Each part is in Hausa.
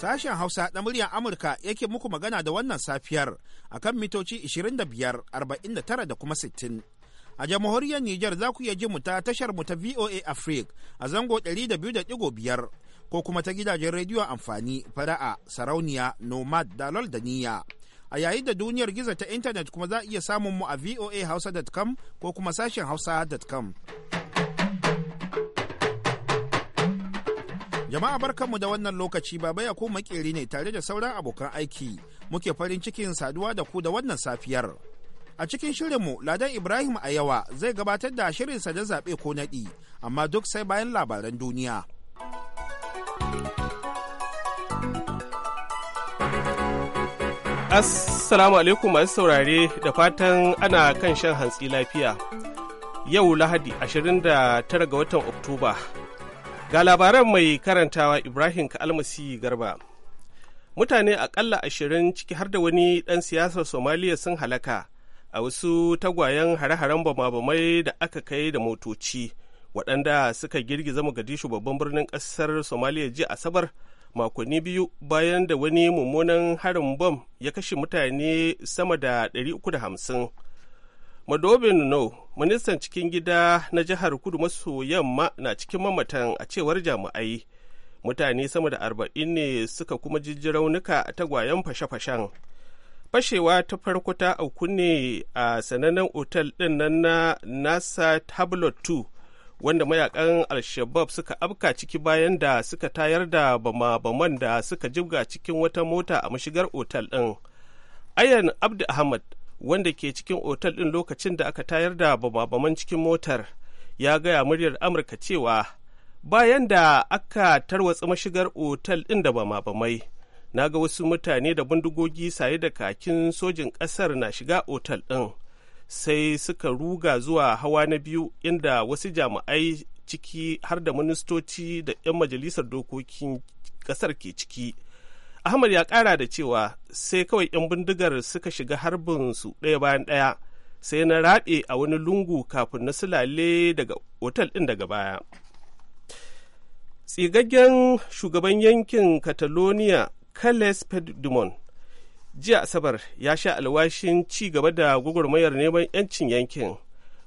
Sashen Hausa na muryar Amurka yake muku magana da wannan safiyar akan mitoci 2549 da kuma 60. a jamhuriyar Nijar za ku iya ji mu ta tashar mu ta VOA Africa a zango 200.5 ko kuma ta gidajen rediyo amfani fara'a sarauniya nomad dalol da niyya. A yayin da duniyar gizo ta intanet kuma za a iya samun mu a voahausa.com ko kuma sashen hausa.com. Jama'a barkanmu da wannan lokaci baba ya ko makeri ne tare da sauran abokan aiki muke farin cikin saduwa da ku da wannan safiyar. A cikin shirinmu Ladan Ibrahim a yawa zai gabatar da shirinsa da zaɓe ko naɗi amma duk sai bayan labaran duniya. Assalamu alaikum masu saurare da fatan ana kan shan hantsi lafiya. Yau Lahadi 29 ga watan Oktoba Ga labaran mai karantawa Ibrahim Kalmasi Garba. Mutane akalla ashirin ciki har da wani ɗan siyasar Somaliya sun halaka a wasu tagwayen hare-haren bama-bamai da aka kai da motoci waɗanda suka girgiza Mogadishu babban birnin ƙasar Somaliya jiya Asabar makonni biyu bayan da wani mummunan harin bom ya kashe mutane sama da 350. Madobin No ministan cikin gida na jihar kudu maso yamma na cikin mamatan a cewar jami'ai mutane sama da arba'in ne suka kuma jijji raunuka a tagwayen fashe-fashen fashewa ta farko ta auku ne a sanannen otal din nan na nasa tablet 2 wanda mayakan alshabab suka afka ciki bayan da suka tayar da bama-baman da suka jibga cikin wata mota a mashigar otal ɗin ayan abdu ahmad wanda ke cikin otal ɗin lokacin da aka tayar da bababaman cikin motar ya gaya muryar amurka cewa bayan da aka tarwatsa mashigar otal ɗin da bamabamai na ga wasu mutane da bindigogi saye da kakin sojin ƙasar na shiga otal ɗin sai suka ruga zuwa hawa na biyu inda wasu jami'ai ciki har da ministoci da 'yan majalisar dokokin ƙasar ke ciki Ahmad ya kara da cewa sai kawai 'yan bindigar suka shiga harbin su ɗaya bayan ɗaya sai na raɓe a wani lungu kafin na sulale daga otal ɗin daga baya. Tsigaggen shugaban yankin Catalonia Carles Puigdemont jiya Asabar ya sha alwashin ci gaba da gwagwarmayar neman 'yancin yankin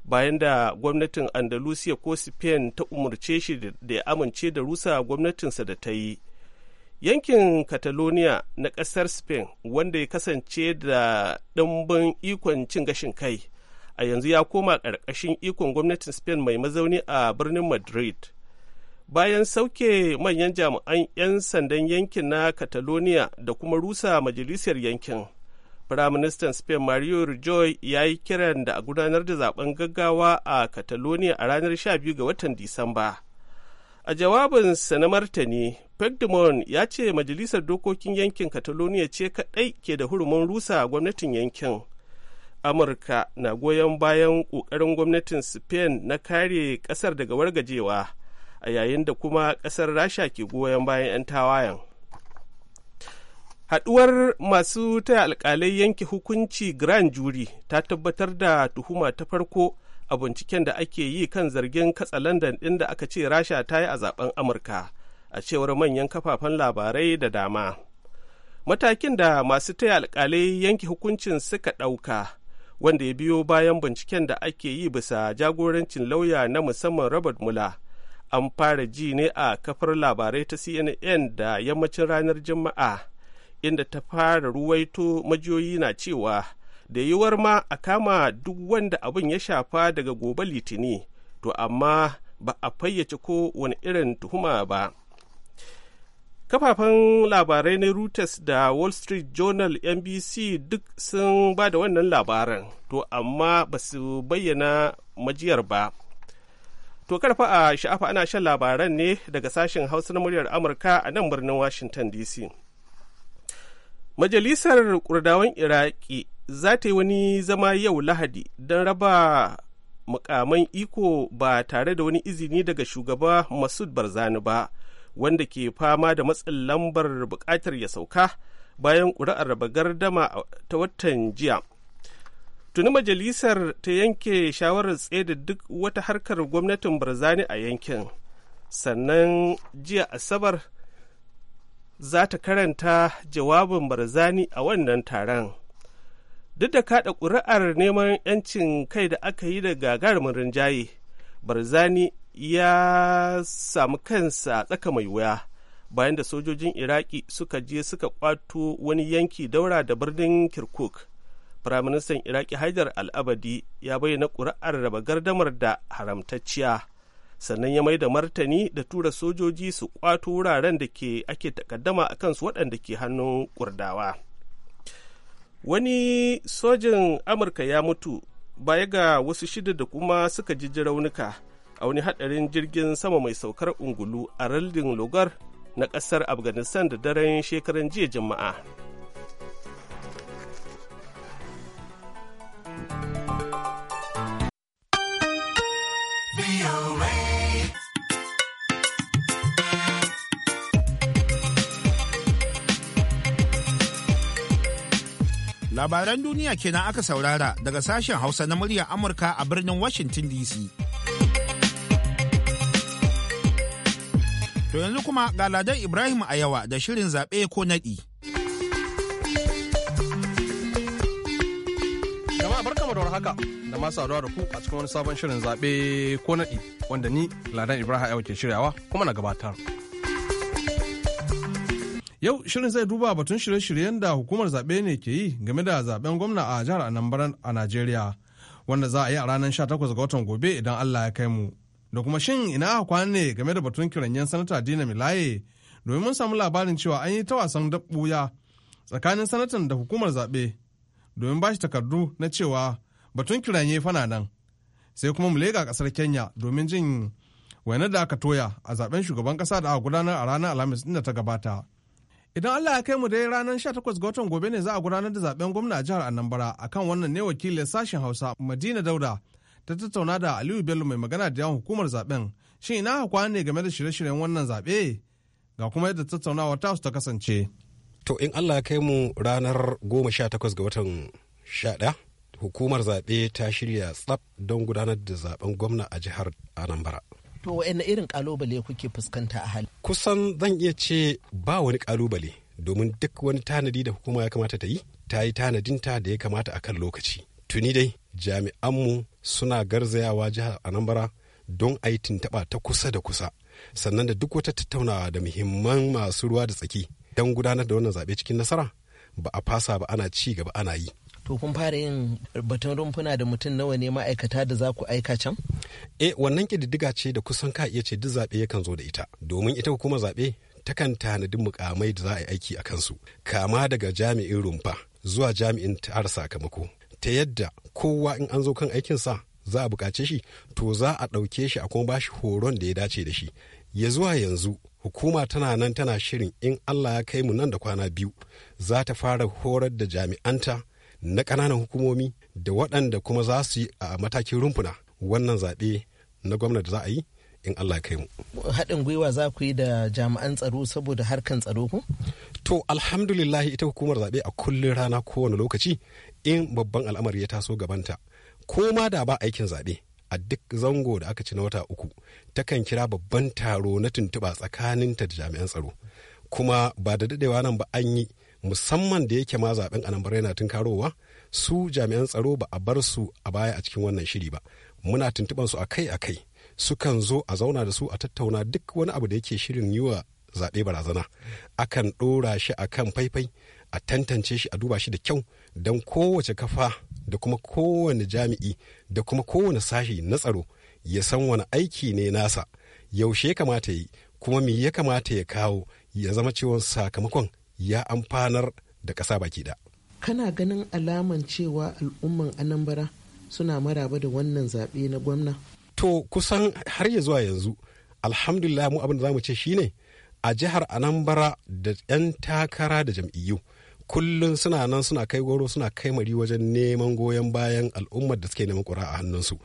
bayan da gwamnatin Andalusia ko Spain ta umarce shi da ya amince da rusa gwamnatinsa da ta yi. yankin catalonia na ƙasar spain wanda ya kasance da ɗimbin ikon cin gashin kai a yanzu ya koma ƙarƙashin ikon gwamnatin spain mai mazauni a birnin madrid bayan sauke manyan jami'an 'yan sandan yankin na catalonia da kuma rusa majalisar yankin firaministan spain mario rajoy ya yi kiran da a gudanar da zaben gaggawa a catalonia a ranar 12 ga watan disamba A jawabinsa na martani, Pegdemon ya ce majalisar dokokin yankin Catalonia ce kaɗai ke da hurumin rusa gwamnatin yankin. Amurka na goyon bayan ƙoƙarin gwamnatin Spain na kare ƙasar daga wargajewa, a yayin da kuma ƙasar Rasha ke goyon bayan 'yan tawayen. Haɗuwar masu taya alƙalai yanke hukunci Grand Jury ta tabbatar da tuhuma ta farko a binciken da ake yi kan zargin katsa london ɗin da aka ce rasha ta yi a zaben amurka a cewar manyan kafafen labarai da dama matakin da masu taya alkalai yanke hukuncin suka ɗauka wanda ya biyo bayan binciken da ake yi bisa jagorancin lauya na musamman robert mula an fara ji ne a kafar labarai ta cnn da yammacin ranar juma'a inda ta fara ruwaito majiyoyi na cewa da yiwuwar ma a kama duk wanda abin ya shafa daga gobe litini to amma ba a fayyace ko wani irin tuhuma ba kafafen labarai na reuters da wall street journal nbc duk sun ba da wannan labaran to amma ba su bayyana majiyar ba to karfa a sha'afa ana shan labaran ne daga sashen hausa na muryar amurka a nan birnin washington dc majalisar kurdawan iraki za ta yi wani zama yau lahadi don raba mukaman iko ba tare da wani izini daga shugaba masud barzani ba wanda ke fama da matsin lambar bukatar ya sauka bayan ƙuri'ar raba gardama ta watan jiya tuni majalisar ta yanke shawarar tsaye duk wata harkar gwamnatin barzani a yankin sannan jiya asabar za ta karanta jawabin barzani a wannan taron duk da kaɗa ƙuri'ar neman 'yancin kai da aka yi da gagarumin rinjaye barzani ya samu kansa tsaka mai wuya bayan da sojojin iraki suka je suka kwato wani yanki daura da birnin kirkuk firaministan iraki haidar al'abadi ya bayyana ƙuri'ar raba gardamar da haramtacciya sannan ya mai da martani da tura sojoji su kwato wuraren da ke ake takaddama a kansu waɗanda ke hannun kurdawa. wani sojin amurka ya mutu baya ga wasu shida da kuma suka ji raunuka a wani hadarin jirgin sama mai saukar ungulu a raldin logar na kasar afghanistan da daren shekaran jiya jama'a. Labaran duniya kenan aka saurara daga sashen Hausa na muryar Amurka a birnin Washington DC. To yanzu kuma ga Ladan Ibrahim a da shirin zaɓe ko naɗi. Jama'a da haka da masu saduwa da ku a cikin wani sabon shirin zaɓe ko naɗi wanda ni Ladan Ibrahim ya ke shiryawa kuma na gabatar. Yau shirin zai duba batun shirye-shiryen da hukumar zaɓe ne ke yi game da zaɓen gwamna a jihar Anambra a Najeriya, wanda za a yi a ranar 18 ga watan gobe idan Allah ya kai mu. Da kuma shin ina kwana ne game da batun kiranyen sanata Dina Milaye domin mun samu labarin cewa an yi ta wasan dabbuya tsakanin sanatan da hukumar zaɓe domin ba shi takardu na cewa batun kiranye fana nan. Sai kuma mu lega kasar Kenya domin jin wainar da aka toya a zaɓen shugaban ƙasa da aka gudanar a ranar Alhamis ɗin da ta gabata. Idan Allah ya kai mu dai ranar 18 ga watan gobe ne za a gudanar da zaben gwamna a jihar Anambra akan wannan ne wakilin sashen Hausa Madina Dauda ta tattauna da Aliyu Bello mai magana da yawan hukumar zaben. Shin ina hakwa ne game da shirye-shiryen wannan zaɓe? Ga kuma yadda tattaunawar tasu ta kasance. To in Allah ya kai mu ranar 18 ga watan 11 hukumar zaɓe ta shirya tsab don gudanar da zaben gwamna a jihar Anambra. to wani irin kalubale kuke fuskanta a hali kusan zan iya ce ba wani kalubale domin duk wani tanadi da hukuma ya kamata ta yi ta yi tanadinta da ya kamata a kan lokaci tuni dai jami'anmu suna garzayawa jihar anambra don a yi tintaba ta kusa da kusa sannan da duk wata tattaunawa da muhimman masu ruwa da tsaki don gudanar da wannan zaɓe cikin nasara ba a fasa ba ana ci gaba ana yi to kun fara yin batun rumfuna da mutum nawa ne ma'aikata da za ku aika can? E wannan kididdiga ce da kusan ka iya ce duk zaɓe yakan zo da ita domin ita kuma zaɓe takan tanadin mukamai da za a yi aiki a kansu kama daga jami'in rumfa zuwa jami'in tara sakamako ta yadda kowa in an zo kan aikin sa za a buƙace shi to za a ɗauke shi a kuma bashi horon da ya dace da shi ya zuwa yanzu hukuma tana nan tana shirin in allah ya kai mu nan da kwana biyu za ta fara horar da jami'anta na ƙananan hukumomi da waɗanda kuma za su yi a matakin rumfuna wannan zaɓe na gwamnati za a yi in Allah kai mu. Haɗin gwiwa za ku yi da jami'an tsaro saboda harkan tsaro ku? To alhamdulillah ita hukumar zaɓe a kullum rana kowane lokaci in babban al'amari ya taso gabanta. Ko ma da ba aikin zaɓe a duk zango da aka ci na wata uku takan kira babban taro na tuntuɓa tsakaninta da jami'an tsaro. Kuma ba da daɗewa nan ba an yi musamman da yake ma zaben anambra yana tunkarowa su jami'an tsaro ba a bar su a baya a cikin wannan shiri ba muna tuntuban su akai akai sukan zo a zauna da su a tattauna duk wani abu da yake shirin yi wa zaɓe barazana akan ɗora shi a kan faifai a tantance shi a duba shi da kyau don kowace kafa da kuma kowane jami'i da kuma kowane sashi na tsaro ya san wani aiki ne nasa yaushe ya kamata yi kuma me ya kamata ya kawo ya zama ciwon sakamakon ya amfanar da ƙasa baki da. Kana ganin alaman cewa al'umman Anambra suna maraba da wannan zaɓe na gwamna? To kusan har ya zuwa yanzu, alhamdulillah mu abin da zamu ce shine a jihar Anambra da 'yan takara da jam'iyyu. kullum suna nan suna kai goro suna kai mari wajen neman goyon bayan al'ummar da suke neman ƙura a hannunsu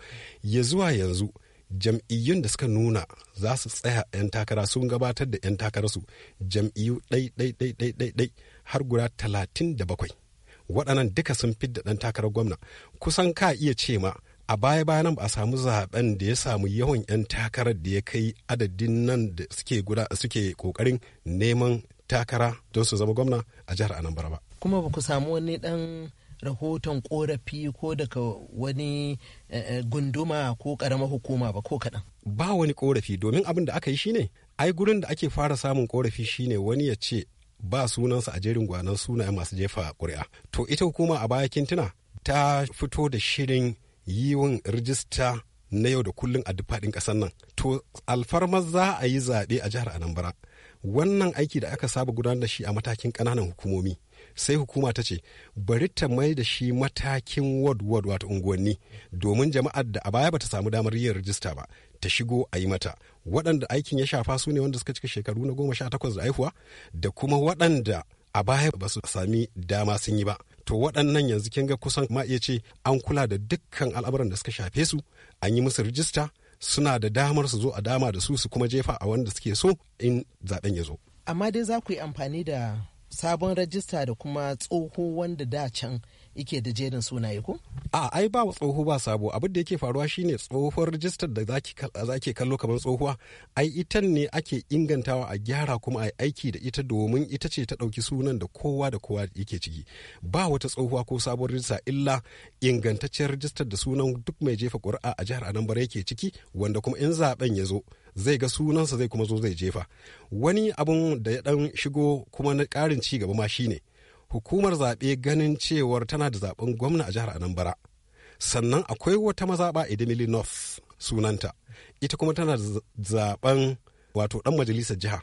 ya zuwa yanzu jam'iyyun da suka nuna za su tsaya 'yan takara sun gabatar da 'yan takararsu jam'iyyu ɗai-ɗai-ɗai-ɗai har guda talatin da bakwai waɗannan duka sun fidda ɗan takarar gwamna kusan ka iya ce ma a baya bayan ba a samu zaben da ya samu yawan 'yan takarar da ya kai adadin nan da suke guda suke kokarin neman takara don su zama gwamna a jihar anambra ba kuma ba ku samu wani dan rahoton korafi ko daga wani eh, eh, gunduma ko karama hukuma ba ko kaɗan. Ba wani korafi domin abin da aka yi shine ai gurin da ake fara samun korafi shine wani ya ce ba sunansa a jerin gwanon sunayen masu jefa ƙuri'a. To ita hukuma a baya kintuna ta fito da shirin yiwin rijista na yau da kullum a duk ƙasar nan. To alfarmar za a yi zaɓe a jihar Anambra. Wannan aiki da aka saba gudanar da shi a matakin ƙananan hukumomi sai hukuma ta ce bari ta mai da shi matakin ward ward wato unguwanni domin jama'ar da a baya bata samu damar yin rajista ba ta shigo a yi mata waɗanda aikin ya shafa su ne wanda suka cika shekaru na goma sha takwas da haihuwa da kuma waɗanda a baya ba su sami dama sun yi ba to waɗannan yanzu kin ga kusan ma iya ce an kula da dukkan al'amuran da suka shafe su an yi musu rijista suna da damar su zo a dama da su su kuma jefa a wanda suke so in zaben ya zo amma dai za ku yi amfani da sabon rajista da kuma tsoho wanda da can ike da jerin sunaye ko? A ai ba tsoho ba sabo abin da yake faruwa shine tsohuwar rijistar da ke kallo kamar tsohuwa ai ita ne ake ingantawa a gyara kuma a aiki da ita domin ita ce ta ɗauki sunan da kowa da kowa yake ciki ba wata tsohuwa ko sabuwar rijista illa ingantacciyar rijistar da sunan duk mai jefa ƙuri'a a jihar Anambra yake ciki wanda kuma in zaben ya zo zai ga sunansa zai kuma zo zai jefa wani abun da ya dan shigo kuma na ƙarin ci gaba ma shine hukumar zaɓe ganin cewar tana da zaɓen gwamna a jihar anambra sannan akwai wata mazaɓa idimili north sunanta ita kuma tana da zaɓen wato ɗan majalisar jiha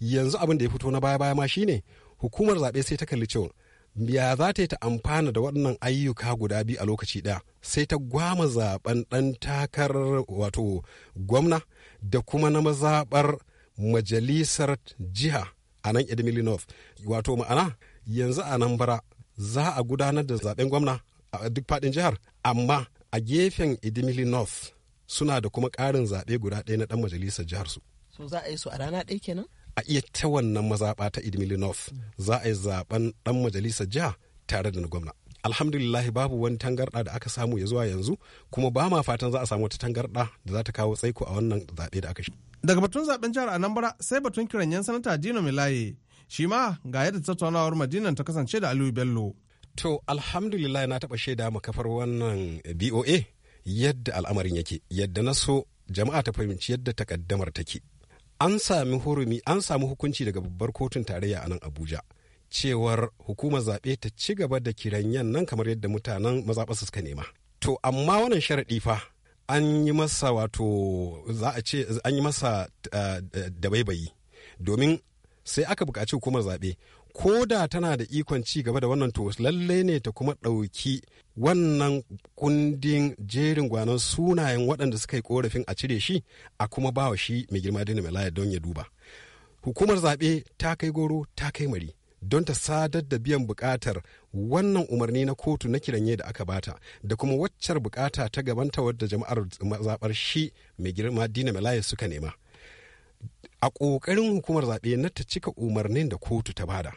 yanzu abin da ya fito na baya baya ma shine hukumar zaɓe sai ta kalli cewa ya za ta yi ta amfana da waɗannan ayyuka guda biyu a lokaci ɗaya sai ta gwama zaɓen ɗan takarar wato gwamna da kuma na mazaɓar majalisar jiha a nan north wato ma'ana yanzu a nan bara za a gudanar da zaben gwamna a duk faɗin jihar amma a gefen idimili north suna da kuma karin zaɓe guda ɗaya na ɗan majalisar jihar su. so za a yi su a rana ɗaya kenan a iya ta wannan mazaɓa ta idimili north za a yi zaɓen ɗan majalisar jiha tare da na gwamna alhamdulillahi babu wani tangarɗa da aka samu ya zuwa yanzu kuma ba ma fatan za a samu wata tangarɗa da za ta kawo tsaiko a wannan zaɓe da aka shi. daga batun zaben jihar anambra sai batun kiran yan sanata dino milaye Shi ma ga yadda tattaunawar Madinan ta kasance da Aliyu Bello. To alhamdulillah na taɓa shaida mu kafar wannan BOA yadda al'amarin yake yadda na so jama'a ta fahimci yadda takaddamar take. An sami hurumi an sami hukunci daga babbar kotun tarayya a nan Abuja. cewar hukumar zaɓe ta ci gaba da yan nan kamar yadda mutanen mazaɓarsa suka nema. To amma wannan sharaɗi fa an yi masa wato za a ce an yi masa eh, eh, dabaibayi domin sai aka buƙaci hukumar zaɓe ko da tana da ikon ci gaba da wannan to lallai ne ta kuma ɗauki wannan kundin jerin gwanon sunayen waɗanda suka yi korafin a cire shi a kuma ba wa shi mai girma dina malaya don ya duba hukumar zaɓe ta kai goro ta kai mari don ta sadar da biyan buƙatar wannan umarni na kotu na kiranye da aka bata da kuma waccar buƙata ta gabanta wadda jama'ar zaɓar shi mai girma dina malaya suka nema a ƙoƙarin hukumar zaɓe na ta cika umarnin da kotu ta bada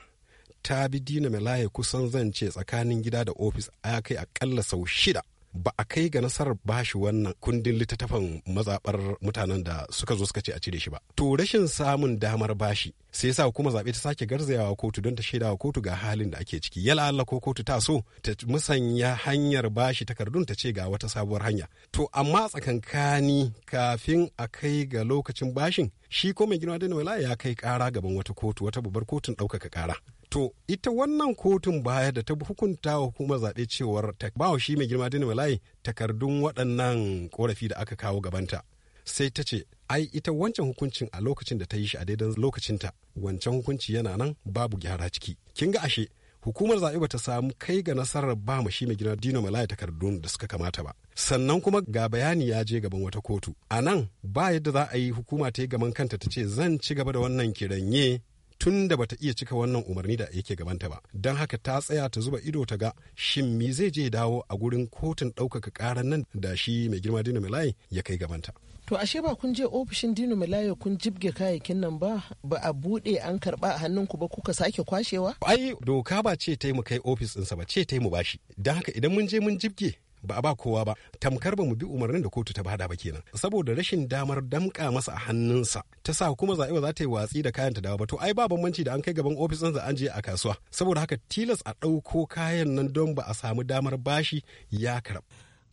ta bi dina mai kusan zance tsakanin gida da ofis a kai akalla sau shida ba a kai ga nasarar bashi wannan kundin littattafan mazaɓar mutanen da suka zo suka ce a cire shi ba. To rashin samun damar bashi sai yasa kuma zaɓe ta sake garzayawa kotu don ta shaidawa kotu ga halin da ake ciki. Yala Allah ko kotu ta so ta musanya hanyar bashi takardun ta ce ga wata sabuwar hanya. To amma tsakankani kafin a kai ga lokacin bashin shi ko mai girma da ya kai kara gaban wata kotu wata babbar kotun ɗaukaka kara. To, ita wannan kotun baya da ta hukunta wa hukumar zaɓe cewar ta ba shi mai girma dina bala'i takardun waɗannan ƙorafi da aka kawo gabanta. Sai ta ce, ai ita wancan hukuncin a lokacin da ta yi shi a daidan lokacinta, wancan hukunci yana nan babu gyara ciki. Kin ga ashe, hukumar zaɓe ba ta samu kai ga nasarar ba mu shi mai girma dina malaya takardun da suka kamata ba sannan kuma ga bayani ya je gaban wata kotu a nan ba yadda za a yi hukuma ta yi gaban kanta ta ce zan ci gaba da wannan kiranye tun da bata iya cika wannan umarni da yake gabanta ba don haka ta tsaya ta zuba ido ta ga shin me zai je dawo a gurin kotun ɗaukaka ƙarar nan da shi mai girma dino milai ya kai gabanta To ashe ba kun je ofishin Dino Malayo kun jibge kayayyakin nan ba ba a bude an karba a hannunku ba kuka sake kwashewa? Ai doka ba ce ta yi mu kai ofis ɗinsa ba ce ta yi mu bashi. Don haka idan mun je mun jibge ba a ba kowa ba tamkar ba mu bi umarnin da kotu ta bada ba kenan saboda rashin damar damka masa a hannunsa ta sa kuma zaɓe ba za ta yi watsi da kayan ta dawo ba to ai ba bambanci da an kai gaban ofis ɗinsa an je a kasuwa saboda haka tilas a ɗauko kayan nan don ba a samu damar bashi ya karab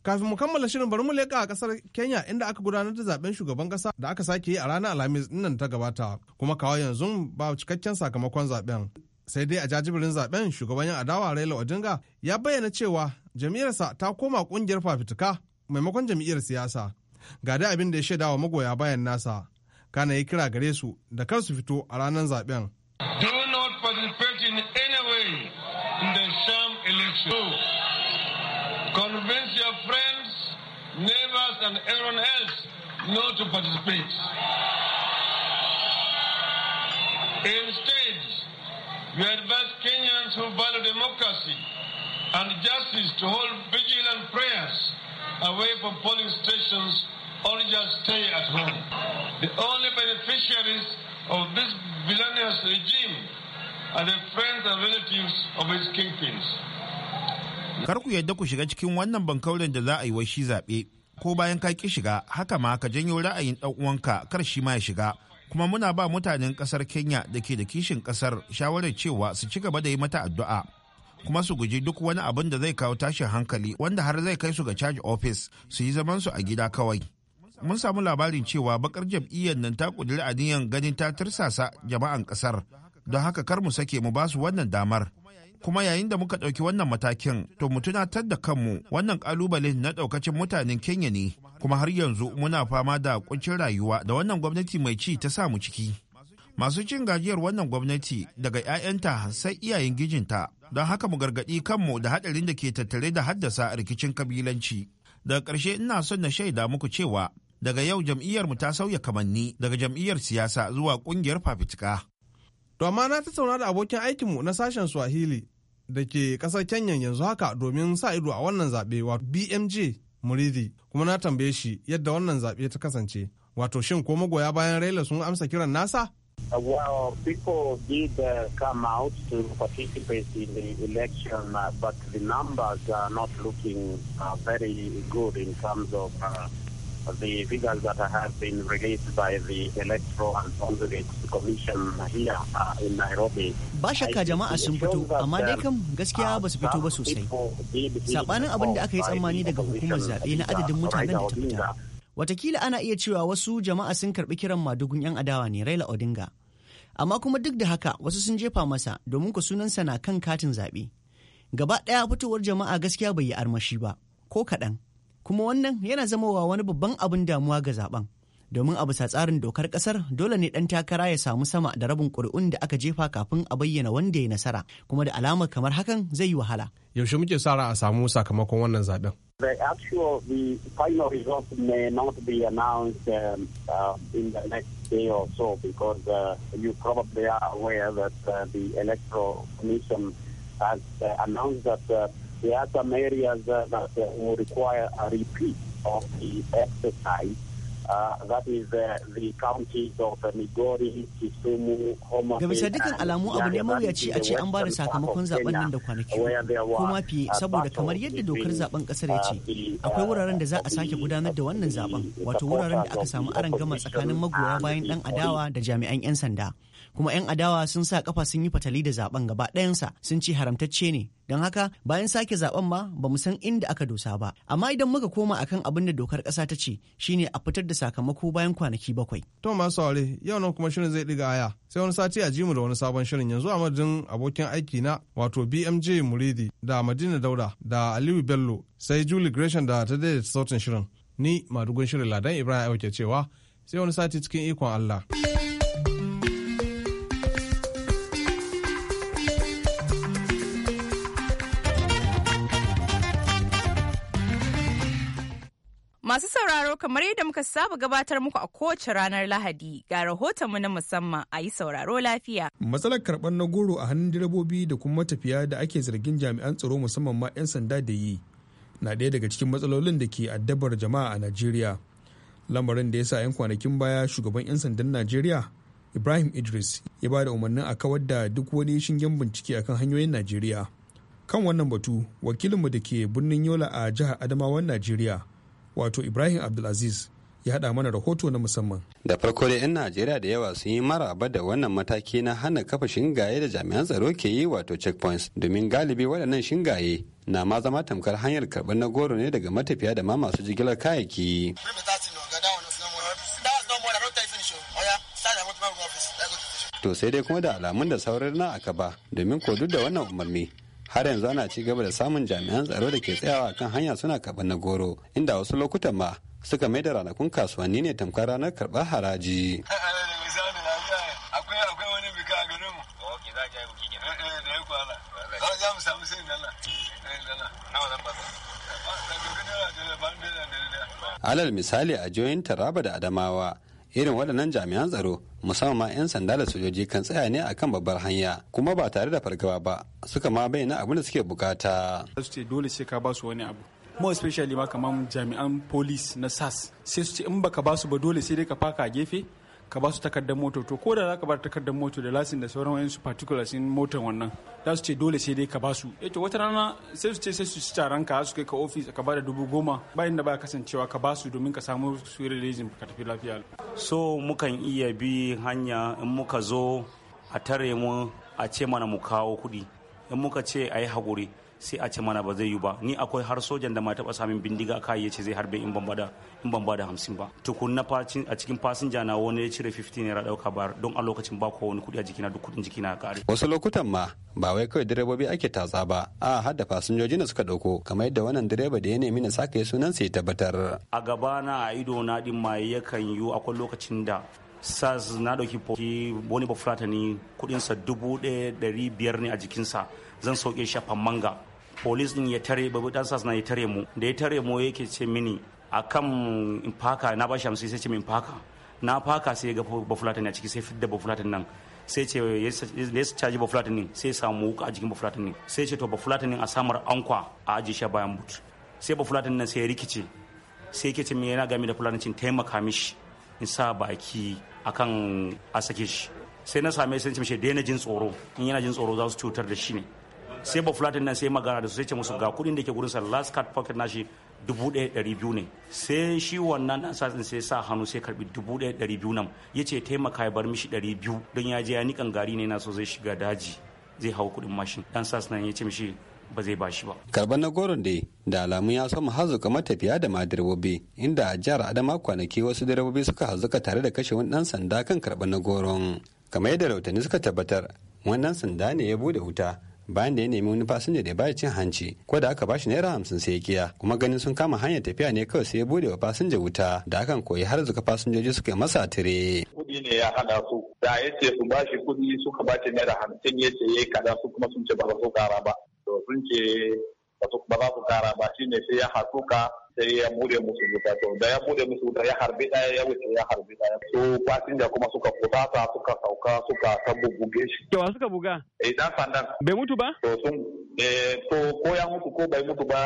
kafin mu kammala shirin bari mu leƙa a ƙasar kenya inda aka gudanar da zaben shugaban ƙasa da aka sake yi a ranar alhamis nan ta gabata kuma kawo yanzu ba cikakken sakamakon zaben sai dai a jajibirin zaben shugaban yan adawa raila odinga ya bayyana cewa jam'iyyarsa ta koma kungiyar fafituka maimakon jam'iyyar siyasa ga da abin da ya shaidawa magoya bayan nasa kana yi kira gare su da kar su fito a ranar zaben do not participate in any in the sham election and everyone else not to participate instead we advise kenyans who value democracy and justice to hold vigilant prayers away from polling stations or just stay at home. The only beneficiaries of this villainous regime are the friends and relatives of its kingpins. Kar ku yadda ku shiga cikin wannan bankaulen da za a yi wa shi zaɓe, ko bayan ka ki shiga haka ma ka janyo ra'ayin ɗan uwanka kar shi ma ya shiga. Kuma muna ba mutanen ƙasar Kenya da ke da kishin ƙasar shawarar cewa su ci gaba da yi mata addu'a. kuma su guji duk wani abin da zai kawo tashin hankali wanda har zai kai su ga charge office su yi zamansu a gida kawai. Mun samu labarin cewa bakar jam'iyyar nan ta ƙudiri aniyan ganin ta tirsasa jama'an ƙasar don haka kar mu sake mu basu wannan damar. Kuma yayin da muka ɗauki wannan matakin to mu tunatar da kanmu wannan ƙalubalen na ɗaukacin mutanen Kenya ne kuma har yanzu muna fama da kuncin rayuwa da wannan gwamnati mai ci ta samu ciki. masu cin gajiyar wannan gwamnati daga 'ya'yanta sai iyayen gijinta don haka mu gargaɗi kanmu da haɗarin da ke tattare da haddasa rikicin kabilanci daga ƙarshe ina son na shaida muku cewa daga yau jam'iyyar mu ta sauya kamanni daga jam'iyyar siyasa zuwa ƙungiyar fafitika to amma na tattauna da abokin aikin mu na sashen swahili da ke ƙasar kenya yanzu haka domin sa ido a wannan zaɓe wato bmj muridi kuma na tambaye shi yadda wannan zaɓe ta kasance wato shin ko magoya bayan raila sun amsa kiran nasa Uh, well, people did uh, come out to participate in the election, uh, but the numbers are not looking uh, very good in terms of uh, the figures that have been released by the Electoral and Conduit Commission here uh, in Nairobi. Ba shakka jama'a sun fito, amma dai kam gaskiya ba su fito ba sosai. Sabanin abin da aka yi tsammani daga hukumar zaɓe na adadin mutanen da ta fita. Watakila ana iya cewa wasu jama'a sun karɓi kiran madugun 'yan adawa ne Raila Odinga. amma kuma duk da haka wasu sun jefa masa domin ku sunansa na kan katin zaɓe gaba ɗaya fitowar jama'a gaskiya bai yi armashi ba ko kaɗan kuma wannan yana zama wa wani babban abin damuwa ga zaɓen. domin a bisa tsarin dokar ƙasar dole ne ɗan takara ya samu sama da rabin ƙuri'un da aka jefa kafin a bayyana wanda ya nasara kuma da alamar kamar hakan zai yi wahala yaushe muke sa a samu sakamakon wannan zaɓen. The actual, the final result may not be announced um, uh, in the next day or so because uh, you probably are aware that uh, the Electoral Commission has uh, announced that uh, there are some areas uh, that will require a repeat of the exercise Ah, that is Da bisa dukkan alamu abu ne mawuyaci a ce an ba da sakamakon zaben nan da kwanaki kuma fi saboda kamar yadda dokar zaben kasar ya uh, ce uh, akwai wuraren da za a sake gudanar da wannan zaben wato wuraren da aka samu aron gama tsakanin magoya bayan dan adawa da jami'an 'yan sanda kuma 'yan adawa sun sa kafa sun yi fatali da zaben gaba ɗayansa sun ce haramtacce ne don haka bayan sake zaben ma ba mu san inda aka dosa ba amma idan muka koma akan abin da dokar kasa ta ce shine a fitar da sakamako bayan kwanaki bakwai to ma aure yau nan kuma shirin zai diga aya sai wani sati a jimu da wani sabon shirin yanzu a madadin abokin aiki na wato BMJ Muridi da Madina Dauda da Aliyu Bello sai Julie Gresham da ta daidaita sautin shirin ni madugun shirin Ladan Ibrahim Aiko ke cewa sai wani sati cikin ikon Allah. Masu sauraro kamar yadda muka saba gabatar muku a kowace ranar Lahadi ga mu na musamman a yi sauraro lafiya. Matsalar karɓar na goro a hannun direbobi da kuma matafiya da ake zargin jami'an tsaro musamman ma 'yan sanda da yi na ɗaya daga cikin matsalolin da ke addabar jama'a a Najeriya. Lamarin da ya sa 'yan kwanakin baya shugaban 'yan sandan Najeriya Ibrahim Idris ya ba da umarnin a kawar da duk wani shingen bincike akan hanyoyin Najeriya. Kan wannan batu, wakilinmu da ke birnin Yola a jihar Adamawan Najeriya, wato ibrahim abdulaziz ya haɗa mana rahoto na musamman. Da farko dai 'yan Najeriya da yawa sun yi maraba da wannan mataki na hana kafa shingaye da jami'an tsaro ke yi wato checkpoints domin galibi waɗannan shingaye na ma zama tamkar hanyar karɓar na goro ne daga matafiya da ma masu jigilar kayayyaki. To sai dai kuma da alamun da saurar na aka ba domin ko duk da wannan umarni har yanzu ana ci gaba da samun jami'an tsaro da ke tsayawa kan hanya suna karɓar na goro inda wasu lokutan ma suka mai da ranakun kasuwanni ne tamkar ranar karɓar haraji. Alal misali a jihohin Taraba da Adamawa irin waɗannan jami'an tsaro musamman ma 'yan sanda da sojoji kan tsaya ne akan babbar hanya kuma ba tare da fargaba ba suka ma bayyana abin da suke bukata. su ce dole sai ka ba su wani abu mo especially ma kamar jami'an police na sas sai su ce in baka basu ba dole sai dai ka faka gefe ka ba su takardar moto to ko da za ka ba takardar moto da lasin da sauran wayansu particulars in motar wannan za su ce dole sai dai ka ba su eh to wata rana sai su ce sai su ci taron ka su kai ka office ka ba da dubu goma bayan da baya kasancewa ka ba su domin ka samu su ka tafi lafiya so mukan iya bi hanya in muka zo a tare mu a ce mana mu kawo kuɗi in muka ce a yi haƙuri sai a ce mana ba zai yi ba ni akwai har sojan da ma taba samun bindiga kai ya ce zai harbe in ban bada in ban bada hamsin ba tukun na a cikin fasinja na wani ya cire 15 naira dauka ba don a lokacin ba ko wani kuɗi a jikina duk kudin jikina kare. wasu lokutan ma ba wai kawai direbobi ake tatsa ba a har da fasinjoji da suka dauko kamar yadda wannan direba da ya nemi na saka ya sunan sai tabbatar. a gaba na a ido na din ma yakan yi akwai lokacin da sas na ɗauki foki wani bafulata ni kuɗinsa dubu daya dari biyar ne a jikinsa zan sauke shafan manga polis din ya tare babu dan na ya tare mu da ya tare mu yake ce mini akan in faka na ba shamsi sai ce min faka na faka sai ya ga bafulatin a ciki sai fidda bafulatin nan sai ce ya caji bafulatin din sai samu wuka a jikin bafulatin din sai ce to bafulatin din a samar ankwa a aji shi bayan but sai bafulatin nan sai ya rikice sai yake ce min yana game da cin taimaka mishi in sa baki akan a sake shi sai na same sai ce mishi daina jin tsoro in yana jin tsoro za su cutar da shi ne sai ba fulatin nan sai magana da su sai ce musu ga kudin da ke gurin sa last card pocket nashi dubu ɗaya ɗari biyu ne sai shi wannan ɗan satsin sai sa hannu sai karbi dubu ɗaya ɗari biyu nan ya ce taimaka ya bar mishi ɗari biyu don ya je ya niƙan gari ne na so zai shiga daji zai hau kuɗin mashin ɗan sa nan ya ce mishi ba zai ba shi ba. Karban na goron dai da alamu ya samu hazuka matafiya da madirbobi inda a jihar Adama kwanaki wasu direbobi suka hazuka tare da kashe wani dan sanda kan karban na goron. Kamar yadda rautani suka tabbatar, wannan sanda ne ya bude wuta bayan da ya nemi wani fasinja da bai cin hanci ko da aka bashi naira hamsin sai ya kiya kuma ganin sun kama hanyar tafiya ne kawai sai ya bude wa fasinja wuta da akan koyi har zuka fasinjoji suka yi masa tire. kuɗi ne ya hana su da ya ce su bashi kuɗi suka bashi naira hamsin ya ce ya yi kaza su kuma sun ce ba su kara ba to sun ce ba za su kara ba shine sai ya hasuka sai ya bude musu wuta to da ya bude musu wuta ya harbi daya ya wuce ya harbi daya so fasinja kuma suka fusata suka sauka suka ta bubuge shi kewa suka buga eh dan sandan bai mutu ba to sun eh to ko ya mutu ko bai mutu ba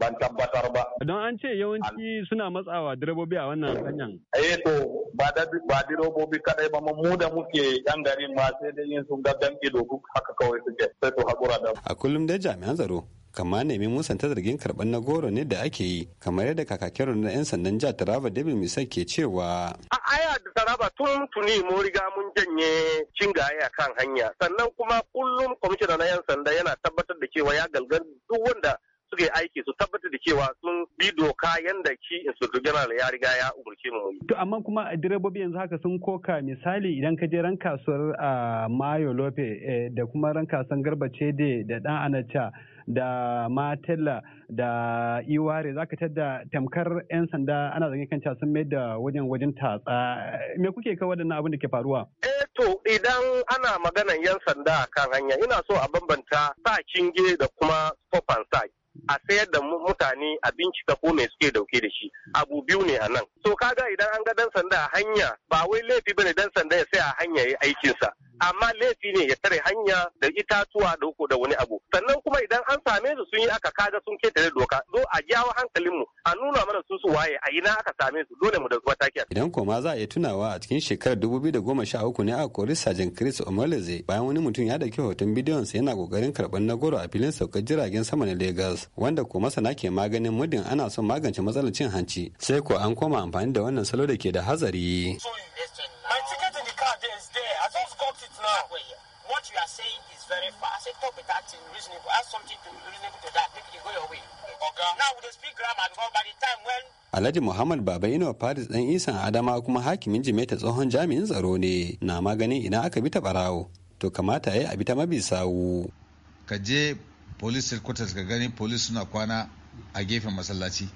ban tabbatar ba. Don an ce yawanci suna matsawa direbobi a wannan hanyar. Eh to ba da ba direbobi kadai ba mu da muke yan garin ma sai dai yin sun gaddan ido duk haka kawai suke sai to hakura da. A kullum dai jami'an tsaro kama nemi musanta zargin karɓar na goro ne da ake yi kamar yadda kakakin na 'yan sandan jihar taraba david misal ke cewa a aya da taraba tun tuni mun riga mun janye cingaye a kan hanya sannan kuma kullum kwamishina na 'yan sanda yana tabbatar da cewa ya galgar duk wanda suka yi aiki su tabbatar da cewa sun bi doka yanda shi inspector general ya riga ya umurce mu to amma kuma direbobi yanzu haka sun koka misali idan ka je ran kasuwar mayo lope eh, da kuma ran kasuwar garba cede da dan anacha da matella da iware zaka tadda tamkar 'yan sanda ana zage kan sun mai da wajen wajen tatsa me kuke kawo waɗannan abin da ke faruwa E, to idan ana maganan 'yan sanda kan hanya ina so a bambanta sa kinge da kuma stop and a sayar da mutane a bincika ko mai suke dauke da shi abu biyu ne a nan so kaga idan an ga dan sanda a hanya ba wai laifi bane dan sanda ya sai a hanya ya aikinsa amma laifi ne ya tare hanya da itatuwa da uku da wani abu sannan kuma idan an same su sun yi aka kaga sun ketare doka zo a jawo hankalin mu a nuna mana su su waye a ina aka same su dole mu da zuwa taki idan koma za a iya tunawa a cikin shekarar 2013 ne aka kori sajan Chris Omaleze bayan wani mutum ya dauki hoton bidiyon sa yana kokarin karɓar na goro a filin saukar jiragen sama na Lagos wanda ko masana ke maganin muddin ana son magance matsalar cin hanci sai ko an koma amfani da wannan salo da ke da hazari saying is very fast. I say talk with reasonable. Add something to reasonable to that. Make it go your way. Okay. Now the speak grammar because by the time when Alhaji Muhammad Baba Inuwa Paris ɗan Isan Adama kuma hakimin Jimeta tsohon jami'in tsaro ne na maganin idan aka bi ta barawo to kamata ya abi ta sawu. Ka je police headquarters ka gani police suna kwana a gefen masallaci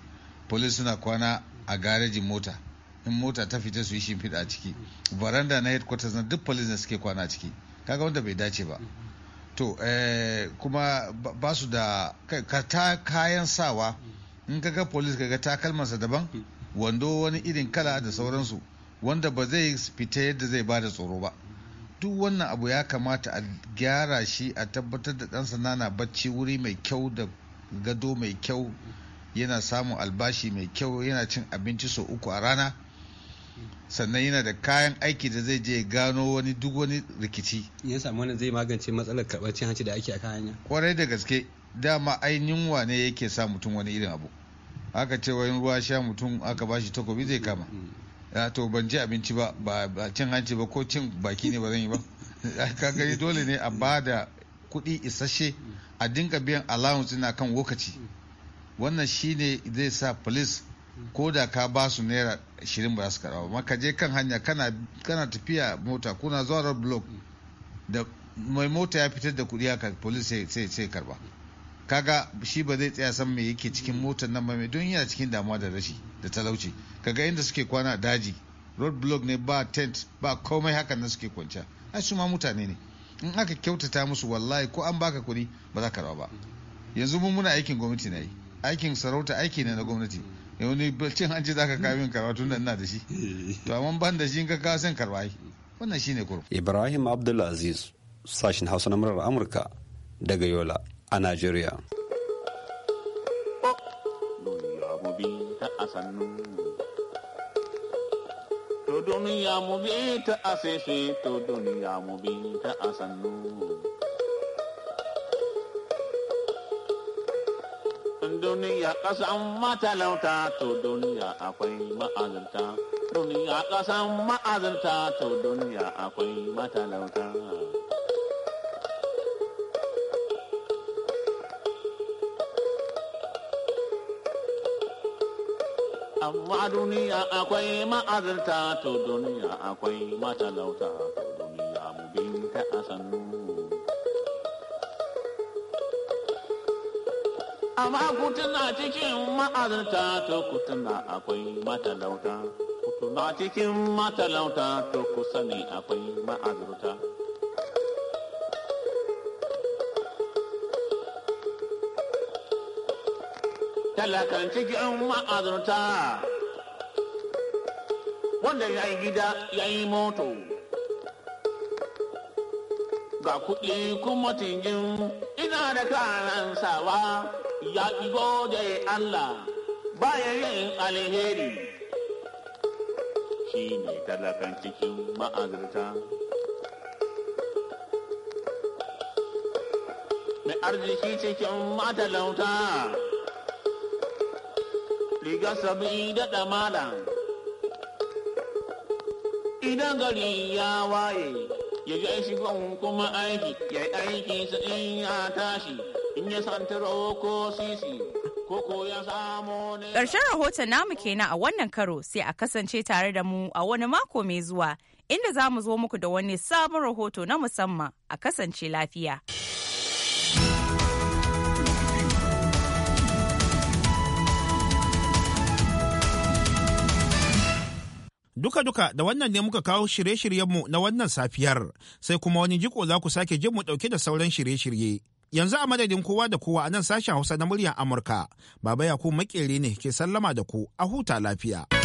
police suna kwana a garejin mota in mota ta fita su yi shimfiɗa ciki Varanda na headquarters na duk police ne suke kwana ciki. kaga wanda bai dace ba mm-hmm. to eh, kuma ba su da ka ta kayan sawa mm-hmm. in kaga police ga takalmansa daban mm-hmm. wando wani irin kala da sauransu wanda ba zai fita yadda zai ba da tsoro ba duk wannan abu ya kamata a gyara shi a tabbatar da ɗan sana na bacci wuri mai kyau da gado mai kyau yana samun albashi mai kyau yana cin abinci sau uku a rana sannan yana da kayan aiki da zai je gano wani duk wani rikici ya samu wani zai magance matsalar karɓar cin hanci da ake a kan hanya kwarai da gaske dama ainihin wane yake sa mutum wani irin abu aka ce wani ruwa sha mutum aka bashi takobi zai kama mm. ya to ban ci abinci ba ba cin hanci ba ko cin baki ne ba zan yi ba ka gani dole ne a bada kuɗi isasshe a dinka biyan allowance na kan lokaci mm. wannan shine zai sa police ko da ka ba su naira ashirin ba za su karba ba maka je kan hanya kana tafiya mota kuna zuwa road block da mai mota ya fitar da kuɗi haka polis sai sai karba kaga shi ba zai tsaya san me yake cikin motar nan ba mai don yana cikin damuwa da rashi da talauci kaga inda suke kwana daji road block ne ba tent ba komai hakan nan suke kwanciya ai su ma mutane ne in aka kyautata musu wallahi ko an baka kuɗi ba za ka rawa ba yanzu mun muna aikin gwamnati na yi aikin sarauta aiki ne na gwamnati ya wani cin hanci za ka kawo min karba tun da ina da shi to amma ban da shi ka kawo san karba wannan shine kurum ibrahim abdulaziz sashin hausa na murar amurka daga yola a nigeria To duniya mu bi ta asese, to duniya mu bi ta asannu. kasan duniya kasan matalauta to duniya akwai ma'azinta duniya kasan ma'azinta to duniya akwai matalauta amma duniya akwai ma'azinta to duniya akwai matalauta amma ku cikin ma'azinta to ku tuna akwai matalauta ku cikin matalauta to ku sani akwai ma'azinta talakan cikin ma'azinta wanda ya yi gida ya yi moto ga kuɗi kuma tingin ina da kanan sawa ya gode Allah bayan yin alheri shi ne talakan cikin ma'azarta. Mai arziki cikin matalauta riga sabi da ɗamala idan gari ya waye ya ga kuma aiki ya aiki sa in ya tashi karshen Ƙarshen rahoton namu kenan a wannan karo sai a kasance tare da mu a wani mako mai zuwa inda za mu zo muku da wani sabon rahoto na musamman a kasance lafiya. Duka-duka da wannan ne muka kawo shirye-shiryenmu na wannan safiyar, sai kuma wani jiko za ku sake jin mu ɗauke da sauran shirye-shirye. Yanzu a madadin kowa da kowa a nan sashen Hausa na muryar Amurka, Baba ku makere ne ke sallama da ku a huta lafiya.